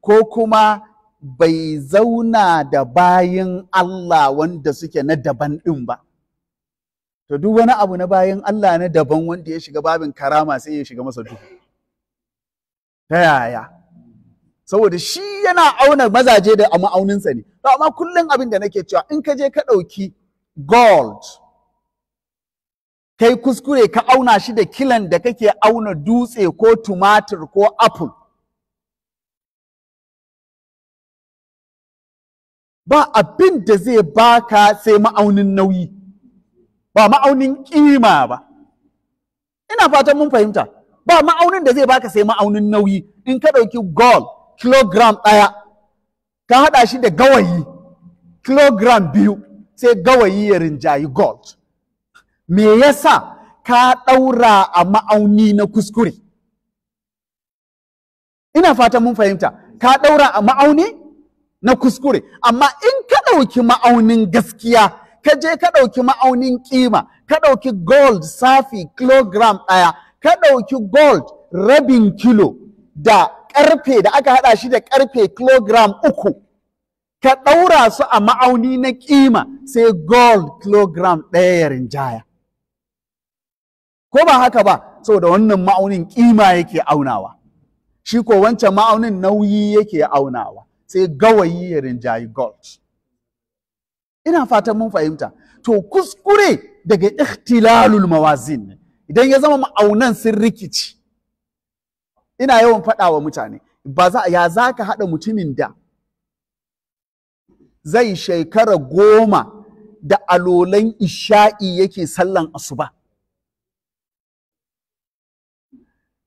A: ko kuma bai zauna da bayan Allah wanda suke na daban ɗin ba to duk wani abu na bayan Allah na daban wanda ya shiga babin karama sai ya shiga masa duhu ta yaya saboda shi yana auna mazaje da ma'auninsa ne to amma kullum abin da nake cewa in ka je ka ɗauki gold kai kuskure ka auna shi da kilan da kake auna dutse ko tumatir ko apple ba abin da zai baka sai ma'aunin nauyi ba ma'aunin kima ba ina fatan mun fahimta ba ma'aunin da zai baka sai ma'aunin nauyi in ka ɗauki gold kilogram ɗaya ka haɗa shi da gawayi kilogram biyu sai gawayi ya rinjayi gold me yasa ka ɗaura a ma'auni na kuskure ina fatan mun fahimta ka ɗaura a ma'auni na kuskure amma in ka ɗauki ma'aunin gaskiya ka je ka ɗauki ma'aunin kima ka ɗauki gold safi kilogram ɗaya ka ɗauki gold rabin kilo da ƙarfe da aka haɗa shi da ƙarfe kilogram uku ka ɗaura su a ma'auni na ƙima sai gold kilogram ɗaya ya rinjaya ko ba haka ba saboda wannan ma'aunin ƙima yake aunawa shi ko wancan ma'aunin nauyi yake aunawa sai gawayi ya rinjayi gold ina fatan mun fahimta to kuskure daga ikhtilalul mawazin ne idan ya zama ma'aunan sun rikici ina yawan faɗa wa mutane ba za ya za ka haɗa mutumin da zai shekara goma da alolan isha'i yake sallan asuba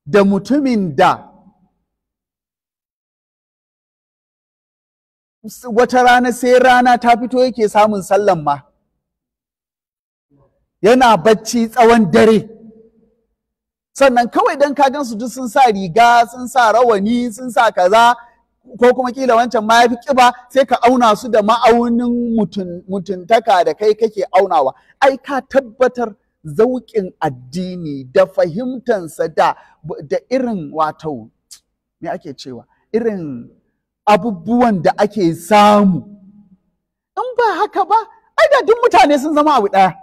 A: da mutumin da wata rana sai rana ta fito yake samun sallan ma yana bacci tsawon dare sannan kawai dan ka gansu duk sun sa riga sun sa rawani sun sa kaza ko kuma kila wancan ma yafi kiba sai ka auna su da ma'aunin mutuntaka da kai kake aunawa ai ka tabbatar zauƙin addini da fahimtansa da da irin wato me ake cewa irin abubuwan da ake samu in ba haka ba ai da duk mutane sun zama abu ɗaya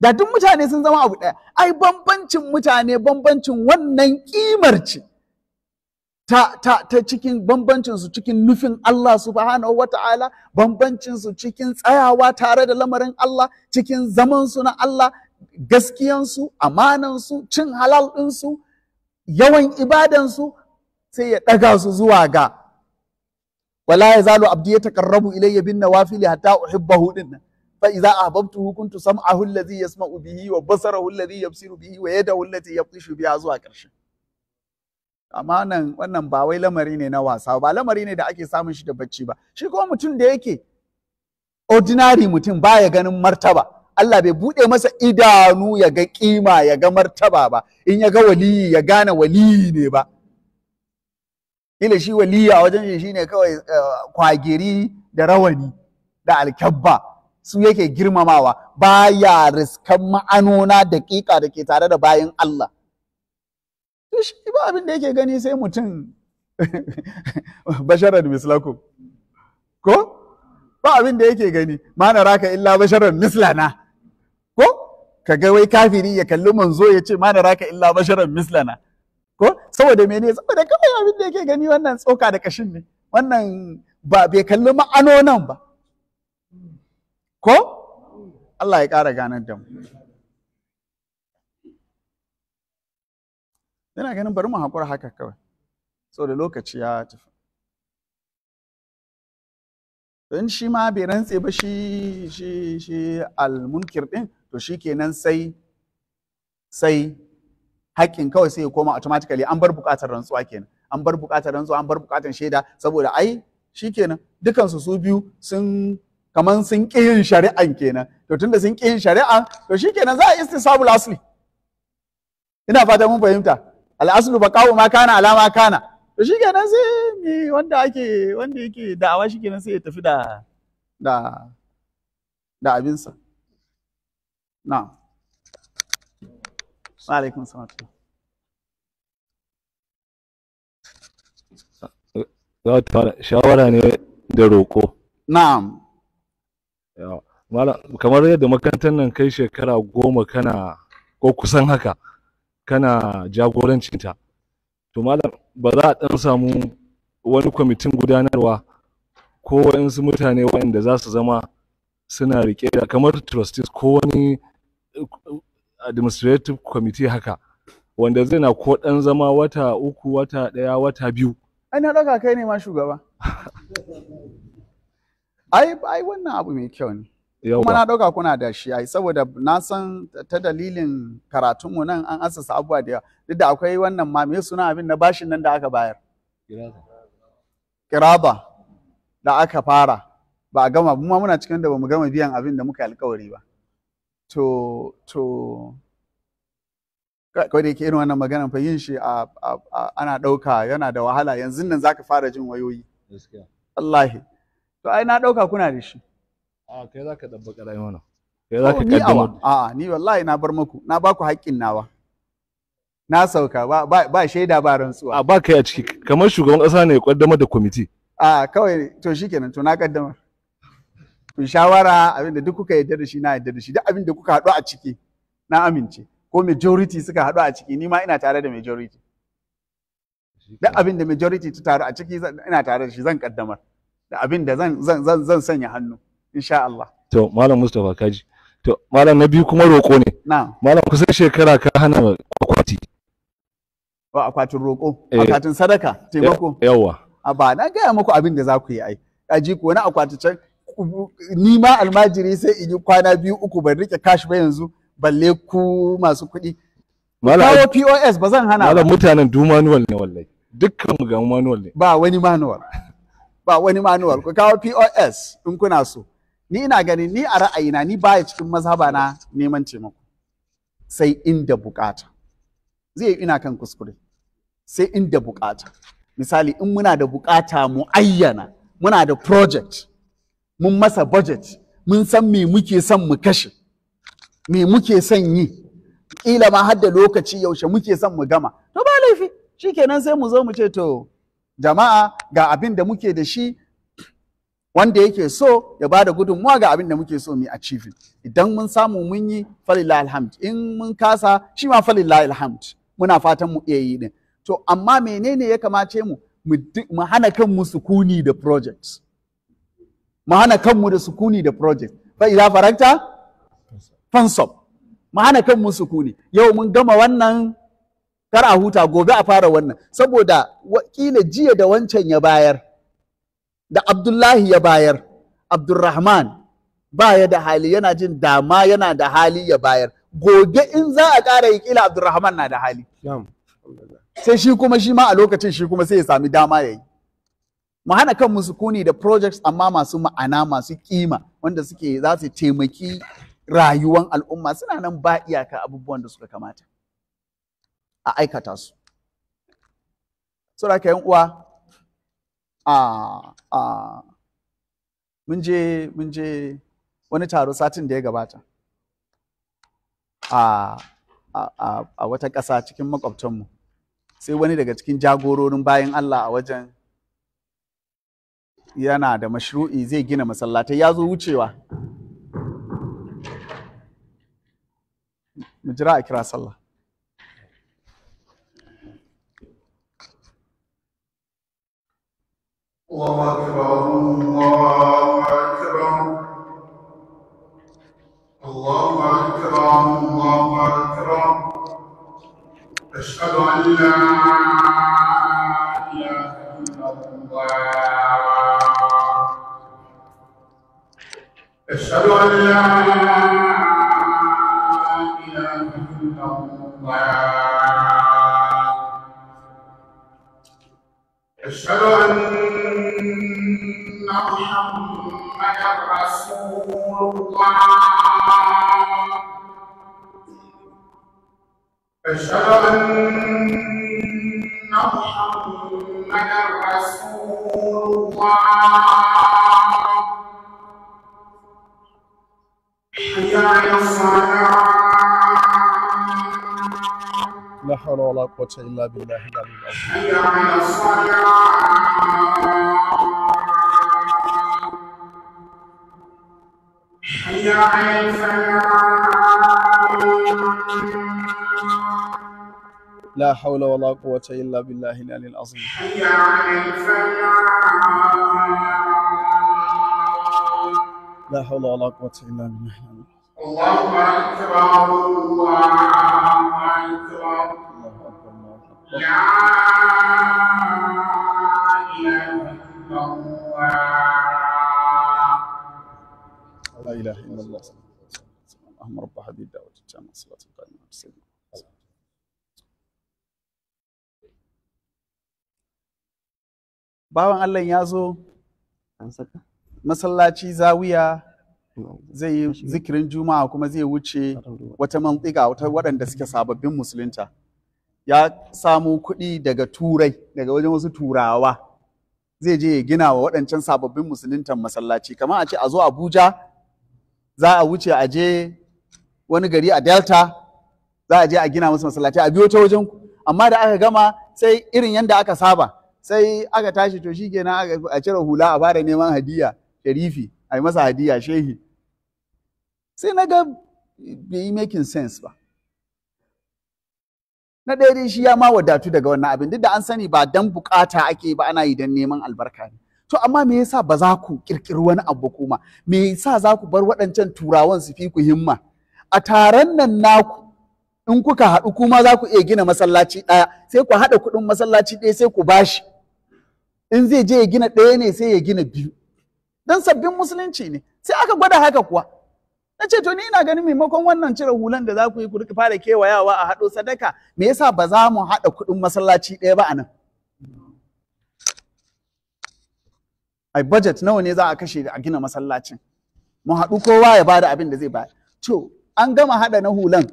A: da duk mutane sun zama abu ɗaya ai bambancin mutane bambancin wannan kimar ce ta, ta, ta cikin bambancinsu cikin nufin Allah subhanahu wa ta'ala, bambancinsu cikin tsayawa tare da lamarin Allah, cikin zamansu na Allah, gaskiyansu, amanansu, cin halal ɗinsu, yawan ibadansu, sai ya ɗaga su zuwa ga. Wala ya zalo abdi ya taƙarrabu ilayya bin nawafili hatta uhibbahu ɗin nan. fa idza ahbabtuhu kuntu sam'ahu alladhi yasma'u bihi wa basarahu alladhi yabsiru bihi wa yadahu allati yabtishu biha zuwa ƙarshe wannan ba wai lamari ne na wasa ba lamari ne da ake samun shi da bacci ba shi kuma mutum da yake ordinary mutum baya ganin martaba Allah bai buɗe masa idanu ya ga kima ya ga martaba ba in ya ga waliyi ya gane waliyi ne ba ila shi waliya wajen shi ne kawai kwagiri da rawani da alkyabba su yake girmamawa ba ya riskan ma'anona daƙiƙa da ke tare da bayan Allah shi ba abin da yake gani sai mutum basharar mislaku. ko ba abin da yake gani ma na raka illa basharar mislana ko ka ga wai kafiri ya kalli manzo ya ce ma na raka illa basharar mislana ko saboda mene saboda kawai abin da yake gani wannan tsoka da kashin ne wannan ba bai kalli ma'anonan ba ko Allah ya ƙara ganar da mu yana ganin bari mu haƙura haka kawai saboda lokaci ya tafi don shi ma bai rantse ba shi shi shi almunkir ɗin, to shi kenan sai sai haƙƙin kawai sai ya koma automatically an bar buƙatar rantsuwa kenan an bar buƙatar rantsuwa an bar buƙatar shaida saboda ai shi kenan dukansu su biyu sun kaman sun ƙi yin shari'an kenan to tunda sun ƙi yin shari'a to shikenan za a istisabul asli ina fata mun fahimta al'aslu baqa'u ma kana alama kana to shikenan sai me wanda ake wanda yake da'awa shikenan sai ya tafi da da da abinsa na'am wa alaikum salam za ta fara shawara ne da roƙo na'am kamar yadda makarantar nan kai shekara goma kana ko kusan haka kana jagorancinta to malam ba za a ɗan samu wani kwamitin gudanarwa ko waɗansu mutane waɗanda za su zama suna riƙe da kamar trustees ko wani eh, administrative committee haka wanda zai na ko ɗan zama wata uku wata ɗaya wata biyu ai na kai ne ma shugaba ai ai wannan abu mai kyau ne kuma na dauka kuna da shi ai saboda na san ta dalilin karatun mu nan an asasa abubuwa da duk da akwai wannan ma me suna abin na bashin nan da aka bayar kiraba da aka fara ba a gama mu muna cikin da bamu gama biyan abin da muka yi alkawari ba to to kawai da yake irin wannan maganan fa yin shi ana dauka yana da wahala yanzu nan zaka fara jin wayoyi Allah to ai na ɗauka kuna da shi a kai za ka ɗabba ƙarai mana kai za oh, ka kaddama a ni wallahi na bar muku na ba ku haƙƙin nawa na sauka ba shaida ba rantsuwa a ba kai a ciki kamar shugaban ƙasa ne ya kaddamar da kwamiti a kawai to shikenan to na kaddama ku shawara abinda duk kuka yarda da shi na yarda da shi duk abinda kuka haɗu a ciki na amince ko majority suka haɗu a ciki ni ma ina tare da majority duk abinda majority ta taru a ciki ina tare da shi zan kaddamar da abin da zan zan zan sanya hannu insha Allah to malam Mustapha kaji to malam na biyu kuma roƙo ne na'am malam kusan shekara ka hana kwakwati ba akwatin roƙo eh. akwatin sadaka taimako yawa a ba na gaya muku abin da za ku yi ai aji ko na akwatin can ni ma almajiri sai in yi kwana biyu uku ban rike cash ba yanzu balle ku masu kuɗi kawo POS ba zan hana ba mutanen du manual ne wallahi dukkan mu ga manual ne ba wani manual ba wani manual ku kawo POS in kuna so ni ina ganin ni a ra'ayina ni baya cikin mazhaba na neman taimako sai inda bukata zai yi ina kan kuskure sai inda bukata misali in muna da bukata mu ayyana muna da project mun masa budget mun san me muke son mu kashe me muke son yi kila ma har da lokaci yaushe muke son mu gama to ba laifi shikenan sai mu zo mu ce to jama'a ga abin da muke da shi wanda yake so ya bada gudunmuwa ga abin da muke so mu achieving idan mun samu mun yi falillah alhamd in mun kasa shi ma falillah alhamd muna fatan mu iya yi din to amma menene ya kamace mu mu hana kanmu sukuni da projects mu hana kanmu da sukuni da project fa ila faranta? fansop mu hana kanmu sukuni yau mun gama wannan kar a huta gobe a fara wannan saboda wakila jiya da wancan ya bayar da abdullahi ya bayar abdurrahman ba ya da hali yana jin dama yana da hali ya bayar gobe in za a ƙara yi kila abdurrahman na da hali sai shi kuma shi ma a lokacin shi kuma sai ya sami dama ya yi mu hana kan musukuni da projects amma masu ma'ana masu kima wanda suke za su taimaki rayuwan al'umma suna nan ba iyaka abubuwan da suka kamata a aikata su ka yan uwa mun je wani taro satin da ya gabata a wata ƙasa cikin makwabtanmu sai wani daga cikin jagororin bayan Allah a wajen yana da mashru'i zai gina masallatai ya zo wucewa mu jira a kira sallah الله أكبر الله أكبر الله أكبر الله أكبر أشهد أن لا إله إلا الله أشهد أن لا إله إلا الله أشهد أن رسول الله أشهد أن محمدا رسول الله حي على الصلاة لا حول ولا قوة إلا بالله العلي العظيم حي على الصلاة لا حول ولا قوة إلا بالله العلي العظيم حي على لا حول ولا قوة إلا بالله الله أكبر الله أكبر الله أكبر الله أكبر اله الا الله اللهم رب هذه bawan Allah ya zo masallaci zawiya zai yi zikirin juma'a kuma zai wuce wata mantsiga wata waɗanda suke sababbin musulunta ya samu kuɗi daga turai daga wajen wasu turawa zai je ya gina wa waɗancan sababbin musuluntan masallaci kamar a ce a zo abuja za a wuce a je wani gari a delta za a je a gina musu masallaci a biyo ta wajen ku amma da aka gama sai irin yadda aka saba sai aka tashi to shi kenan a cire hula a fara neman hadiya sharifi a yi masa hadiya shehi sai na ga bai yi making sense ba na ɗaya shi ya ma wadatu daga wannan abin duk da an sani ba dan bukata ake ba ana yi dan neman albarka ne to amma me yasa ba za ku kirkiri wani abu kuma me yasa za ku bar waɗancan turawan su fi ku himma a taron nan naku in kuka haɗu kuma za ku iya gina masallaci ɗaya sai ku haɗa kuɗin masallaci ɗaya sai ku bashi in zai je ya gina ɗaya ne sai ya gina biyu don sabbin musulunci ne sai aka gwada haka kuwa na ce to ni ina ganin maimakon wannan cire hulan da za ku yi ku fara kewayawa a haɗo sadaka me yasa ba za mu haɗa kuɗin masallaci ɗaya ba a nan ai budget nawa ne za a kashe a gina masallacin mu haɗu kowa ya bada abin da zai bayar to an gama haɗa na hulan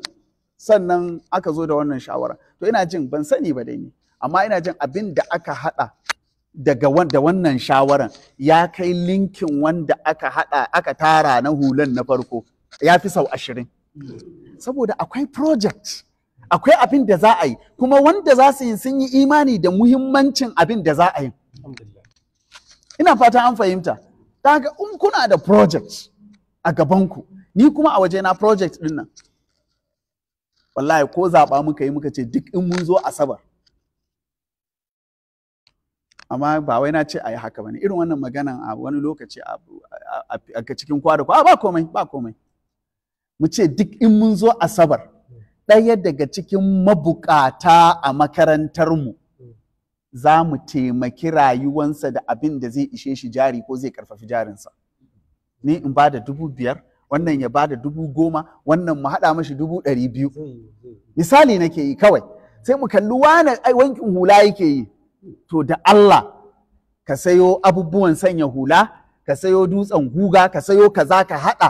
A: sannan aka zo da wannan shawara to ina jin ban sani ba dai ni amma ina jin abin da aka haɗa daga wanda wannan shawaran ya kai linkin wanda aka haɗa aka tara na hulan na farko ya fi sau ashirin saboda akwai project akwai abin da za a yi kuma wanda za su yi sun yi imani da muhimmancin abin da za a yi ina fata an fahimta ta in kuna da project a gabanku ni kuma a waje na project din nan wallahi ko zaɓa muka yi muka ce duk in mun zo asabar amma ba wai na ce a yi haka bane irin wannan maganan a wani lokaci a cikin kwada ko ba komai ba komai mu ce duk in mun zo asabar ɗaya daga cikin mabukata a makarantar mu. za mu taimaki rayuwansa da abin da zai ishe shi jari ko zai karfafi jarinsa ni in ba da dubu biyar wannan ya ba da dubu goma wannan mu haɗa mashi dubu ɗari biyu misali nake yi kawai sai mu kalli wane wankin hula yake yi to da Allah ka sayo abubuwan sanya hula ka sayo dutsen guga ka sayo kaza ka haɗa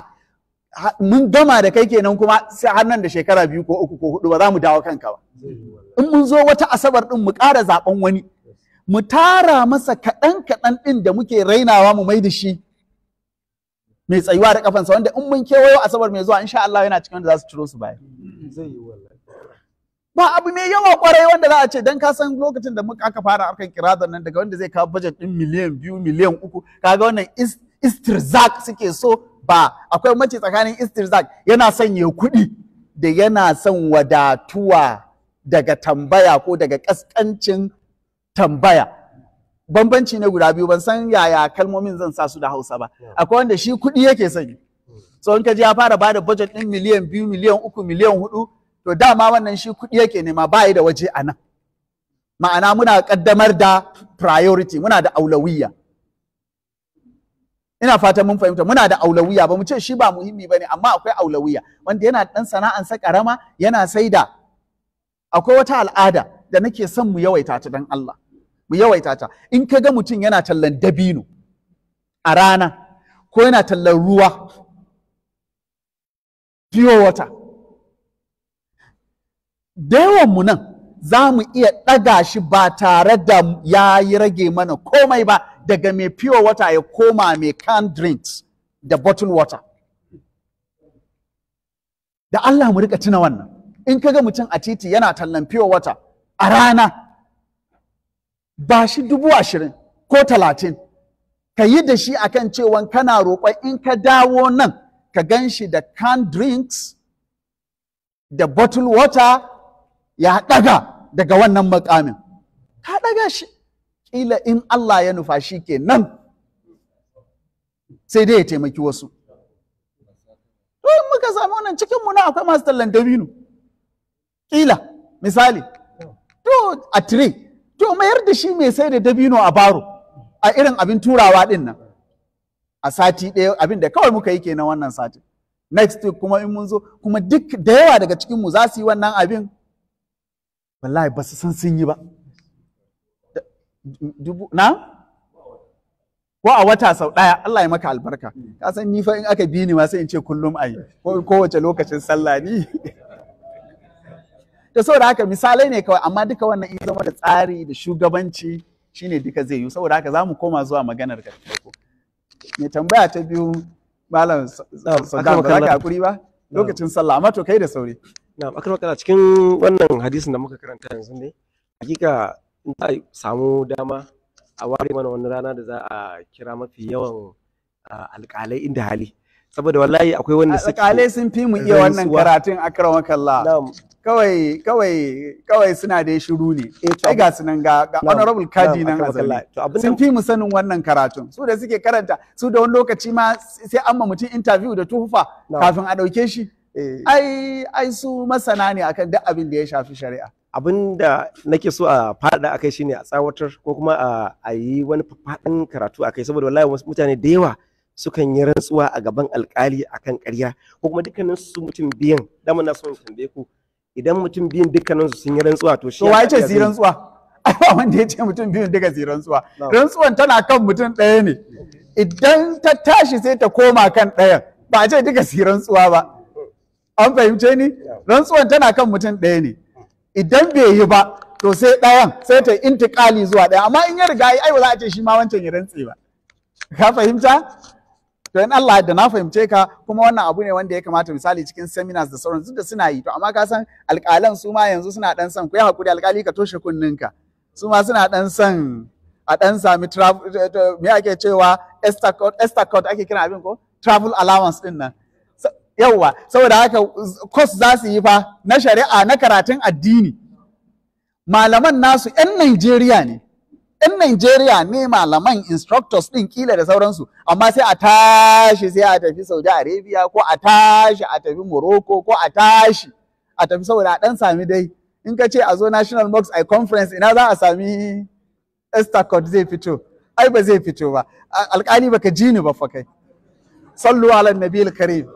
A: mun gama da kai kenan kuma sai har nan da shekara biyu ko uku ko hudu ba za mu dawo kanka ba in mun zo wata asabar ɗin mu ƙara zaben wani mu tara masa kaɗan kaɗan ɗin da muke rainawa mu mai da shi mai tsayuwa da kafansa wanda in mun kewayo asabar mai zuwa insha Allah yana cikin wanda za su ciro su baya ba abu mai yawa kwarai wanda za a ce dan ka san lokacin da muka aka fara harkan kiradar nan daga wanda zai kawo budget din miliyan biyu miliyan uku kaga wannan istirzak suke so ba akwai mace tsakanin istirzak yana son ya kuɗi da yana son wadatuwa daga tambaya ko daga ƙasƙancin tambaya bambanci ne guda biyu ban san yaya kalmomin zan sa su da hausa ba akwai wanda shi kuɗi yake sani so in ka ji ya fara ba da budget ɗin miliyan biyu miliyan uku miliyan hudu to dama wannan shi kuɗi yake nema ba da waje a nan ma'ana muna ƙaddamar da priority muna da aulawiya ina fatan mun fahimta muna da aulawiya ba mu ce shi ba muhimmi bane amma akwai aulawiya wanda yana ɗan sana'ansa ƙarama yana sai da. akwai wata al'ada da nake son mu yawaita ta dan Allah mu yawaita ta in ka ga mutum yana tallan dabino a rana ko yana tallan ruwa pure water da yawan mu nan za mu iya ɗaga shi ba tare da ya rage mana komai ba daga mai pure water ya koma mai canned drinks da bottled water da Allah mu rika tuna wannan in ka ga mutum a titi yana tallan fiyo wata a rana ba shi dubu ashirin ko talatin ka yi da shi akan cewan kana roƙon in ka dawo nan ka gan shi da can drinks da bottle water ya ɗaga daga wannan makamin ka ɗaga shi ƙila in Allah ya nufa shi ke nan sai dai ya taimaki wasu. muka samu wannan cikinmu na akwai masu tallan dabino. kila misali to a tire to mayar da shi mai sai da dabino a baro a irin abin turawa din nan a sati ɗaya abin da kawai muka yi ke na wannan sati next week kuma in mun zo kuma duk da yawa daga cikin mu za su yi wannan abin wallahi ba su san sun yi ba Dubu, na ko a wata sau ɗaya Allah ya maka albarka ka san ni fa in aka bi ni ma sai in ce kullum ayi ko kowace lokacin sallah ni da saboda haka misalai ne kawai amma duka wannan in zama da tsari da shugabanci shine duka zai yi saboda haka za mu koma zuwa maganar ka farko me tambaya ta biyu malam sadan ba za hakuri ba lokacin sallah amma to kai da sauri na'am akan magana cikin wannan hadisin da muka karanta yanzu ne hakika in za a samu dama a ware mana wani rana da za a kira mafi yawan alƙalai inda hali saboda wallahi akwai wanda suke alƙalai sun fi mu iya wannan karatun akramakallah kawai kawai kawai suna da shiru ne eh, ai ga sunan ga honorable kadi nan sun fi mu sanin wannan karatun su da suke karanta su da wani lokaci ma sai an ma mutum interview da tuhufa kafin a dauke shi eh. ai ai su masana ne akan duk abin da ya shafi shari'a abin da nake so a fada akai shine a tsawatar ko kuma a yi wani faɗin karatu akai saboda wallahi mutane da yawa sukan yi rantsuwa a gaban alkali akan ƙarya ko kuma dukkanin su mutum biyan dama na so tambaye ku idan mutum biyun dukkaninsu sun yi rantsuwa to shi ya ce su rantsuwa ai wanda ya ce mutum biyun duka su rantsuwa rantsuwan tana kan mutum ɗaya ne idan ta tashi sai ta koma kan ɗaya ba a ce duka su rantsuwa ba an fahimce ni rantsuwan tana kan mutum ɗaya ne idan bai yi ba to sai ɗayan sai ta intikali zuwa ɗaya amma in ya riga ai ba za a ce shi ma wancan ya rantse ba ka fahimta to in Allah da na fahimce ka kuma wannan abu ne wanda ya kamata misali cikin seminars da sauran duk da suna yi to amma ka san alƙalan su ma yanzu suna dan san ku yi hakuri alƙali ka toshe kunninka su ma suna dan san a dan sami me ake cewa estacot ake kira abin ko travel allowance din nan yauwa saboda haka course za su yi fa na shari'a na karatun addini malaman nasu 'yan Najeriya ne in Najeriya ne malaman instructors ɗin kila da sauransu amma sai a tashi sai a tafi Saudi Arabia ko a tashi a tafi Morocco ko a tashi a tafi saboda a ɗan sami dai in ka ce a zo National Box Eye Conference ina za a sami Estacot zai fito ai ba zai fito ba alƙali baka ji ni ba fa kai sallu ala nabiyil karim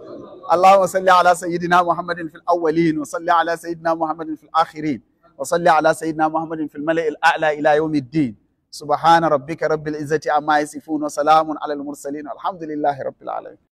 A: اللهم صل على سيدنا محمد في الأولين وصل على سيدنا محمد في الآخرين وصل على سيدنا محمد في الملأ الأعلى إلى يوم الدين سبحان ربك رب العزة عما يصفون وسلام على المرسلين الحمد لله رب العالمين